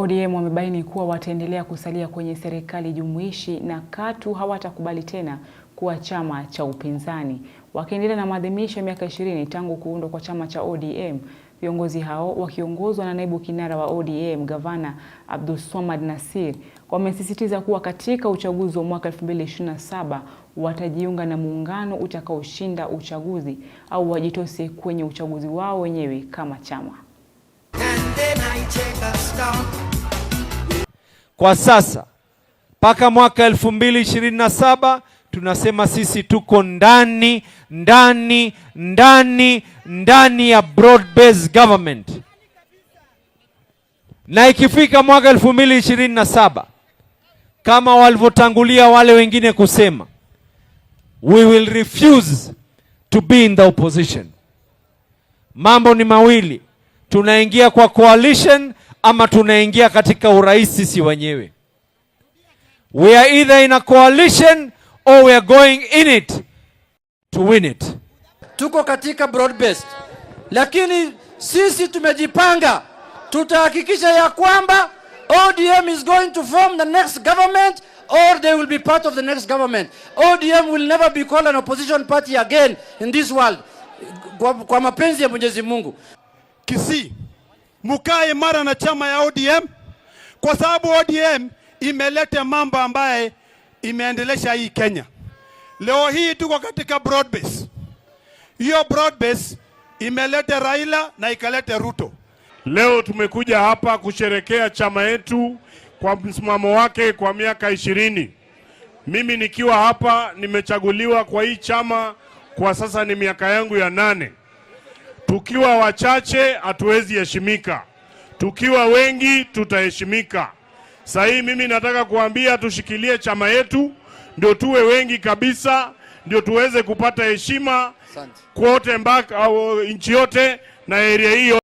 ODM wamebaini kuwa wataendelea kusalia kwenye serikali jumuishi na katu hawatakubali tena kuwa chama cha upinzani. Wakiendelea na maadhimisho ya miaka ishirini tangu kuundwa kwa chama cha ODM, viongozi hao wakiongozwa na naibu kinara wa ODM Gavana swamad Nassir wamesisitiza kuwa katika uchaguzi wa mwaka 2027 watajiunga na muungano utakaoshinda uchaguzi au wajitose kwenye uchaguzi wao wenyewe kama chama. Kwa sasa mpaka mwaka elfu mbili ishirini na saba tunasema sisi tuko ndani ndani ndani ndani ya broad based government, na ikifika mwaka elfu mbili ishirini na saba kama walivyotangulia wale wengine kusema, we will refuse to be in the opposition. Mambo ni mawili, tunaingia kwa coalition ama tunaingia katika urais si wenyewe. We are either in a coalition or we are going in it to win it. Tuko katika broad based, lakini sisi tumejipanga, tutahakikisha ya kwamba ODM is going to form the next government or they will be part of the next government. ODM will never be called an opposition party again in this world. Kwa mapenzi ya Mwenyezi Mungu. Kisii mukae imara na chama ya ODM kwa sababu ODM imeleta mambo ambaye imeendelesha hii Kenya. Leo hii tuko katika broad base. Hiyo broad base imeleta Raila na ikaleta Ruto. Leo tumekuja hapa kusherekea chama yetu kwa msimamo wake kwa miaka ishirini. Mimi nikiwa hapa nimechaguliwa kwa hii chama, kwa sasa ni miaka yangu ya nane. Tukiwa wachache hatuwezi heshimika, tukiwa wengi tutaheshimika. Saa hii mimi nataka kuambia tushikilie chama yetu, ndio tuwe wengi kabisa, ndio tuweze kupata heshima kwote, mpaka nchi yote na area hiyo.